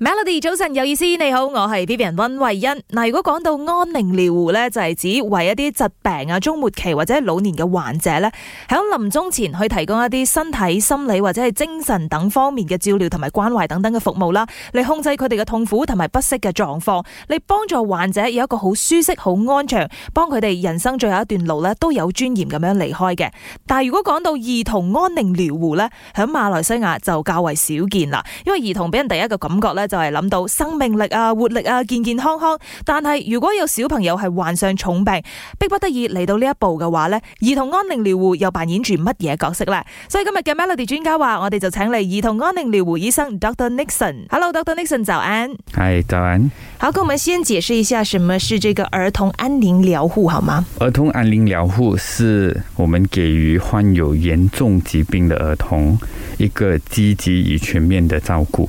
Melody 早晨有意思，你好，我係 Vivian 溫慧欣。嗱，如果講到安寧療護呢，就係、是、指為一啲疾病啊、終末期或者老年嘅患者呢，喺臨終前去提供一啲身體、心理或者係精神等方面嘅照料同埋關懷等等嘅服務啦，嚟控制佢哋嘅痛苦同埋不適嘅狀況，嚟幫助患者有一個好舒適、好安詳，幫佢哋人生最後一段路呢都有尊嚴咁樣離開嘅。但係如果講到兒童安寧療護呢，喺馬來西亞就較為少見啦，因為兒童俾人第一個感覺呢。就係諗到生命力啊、活力啊、健健康康。但係如果有小朋友係患上重病，逼不得已嚟到呢一步嘅話咧，兒童安寧療護又扮演住乜嘢角色咧？所以今日嘅 Melody 專家話，我哋就請嚟兒童安寧療護醫生 Doctor Nixon。Hello，Doctor Nixon，早安。Hi，早安。好，跟我們先解釋一下什麼是這個兒童安寧療護好嗎？兒童安寧療護是我們給予患有嚴重疾病的兒童一個積極與全面的照顧。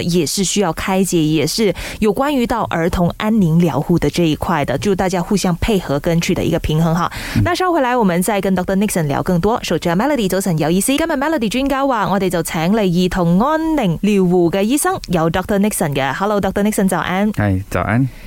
也是需要開解，也是有關於到兒童安寧療護的這一塊的，就大家互相配合跟取的一個平衡哈。嗯、那稍後回來，我們再跟 Dr. Nixon 聊更多。早上 Melody，早晨有意思。今日 Melody 專家話，我哋就請嚟兒童安寧療護嘅醫生，由 Dr. Nixon 嘅。Hello，Dr. Nixon 早安。係、hey, 早安。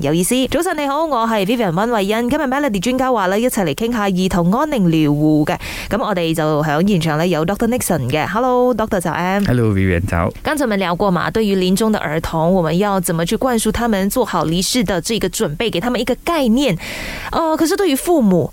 有意思，早晨你好，我係 Vivian 溫慧欣，今日 Melody 專家話咧，一齊嚟傾下兒童安寧療護嘅，咁我哋就喺現場咧有 Doctor Nixon 嘅，Hello Doctor 早安，Hello Vivian 早。剛才我們聊過嘛，對於臨終的兒童，我們要怎麼去灌輸他們做好離世的這個準備，給他們一個概念？哦、呃，可是對於父母。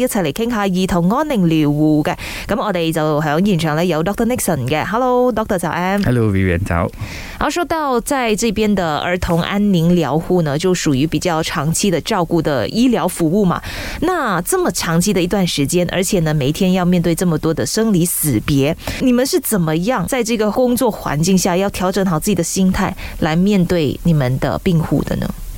一齊嚟傾下兒童安寧療護嘅，咁我哋就響現場呢有 Doctor Nixon 嘅，Hello Doctor 早 M，Hello Vivian 早、啊、說到在這邊的兒童安寧療護呢，就屬於比較長期的照顧的醫療服務嘛。那這麼長期的一段時間，而且呢每天要面對這麼多的生離死別，你們是怎麼樣在這個工作環境下，要調整好自己的心態，來面對你們的病戶的呢？